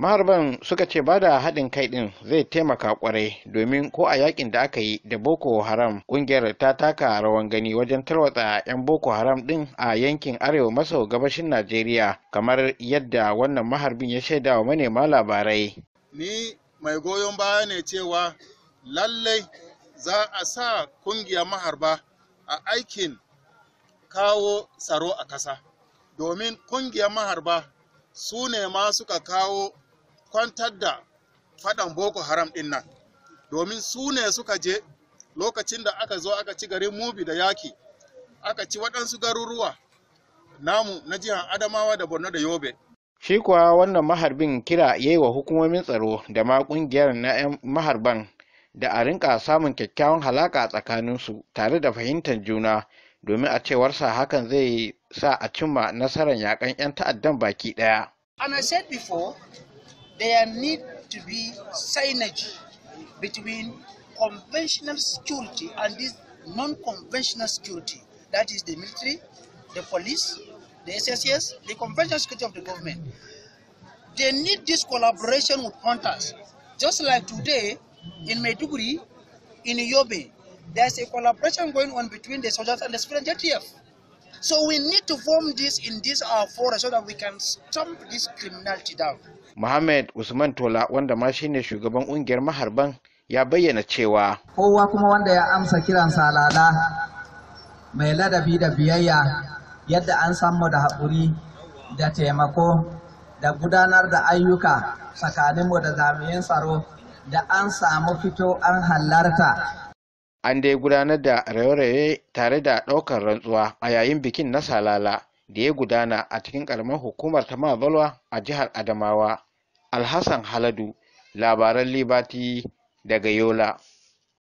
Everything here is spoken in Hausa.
maharban suka ce ba da haɗin kai ɗin zai taimaka ƙwarai, domin ko a yakin da aka yi da boko haram ƙungiyar ta taka rawan gani wajen tarwatsa 'yan boko haram ɗin a yankin arewa maso gabashin najeriya kamar yadda wannan maharbin ya shaida wa manema labarai ni mai goyon baya ne cewa lallai za a sa ƙungiyar maharba a aikin kawo tsaro a ƙasa domin ƙungiyar maharba su ne ma suka kawo kwantar da faɗan boko haram ɗin nan domin su ne suka je lokacin da aka zo aka ci garin mubi da yaki aka ci waɗansu garuruwa namu na jihar adamawa da borno da yobe shi kuwa wannan maharbin kira ya yi wa hukumomin tsaro da ma ƙungiyar na 'yan maharban da a rinka samun kyakkyawan halaka tsakaninsu tare da fahimtar juna domin a cewarsa hakan zai sa a cimma nasarar yaƙan 'yan ta'addan baki ɗaya. there need to be synergy between conventional security and this non-conventional security. That is the military, the police, the SSS, the conventional security of the government. They need this collaboration with hunters. Just like today in Maiduguri, in Yobe, there's a collaboration going on between the soldiers and the civilian JTF. So we need to form this in this our uh, forest so that we can stamp this criminality down. Muhammad Usman Tola wanda ma shine shugaban kungiyar maharban ya bayyana cewa kowa kuma wanda ya amsa kiran salala mai ladabi da biyayya yadda an samu da haƙuri da taimako da gudanar da ayyuka tsakaninmu da jami'in tsaro da an samu fito an halarta an dai gudanar da raye-raye tare da ɗaukar rantsuwa a yayin bikin na salala da ya gudana a cikin ƙaramar hukumar ta Mabalwa a jihar Adamawa. Alhassan Haladu, labaran Libati daga Yola.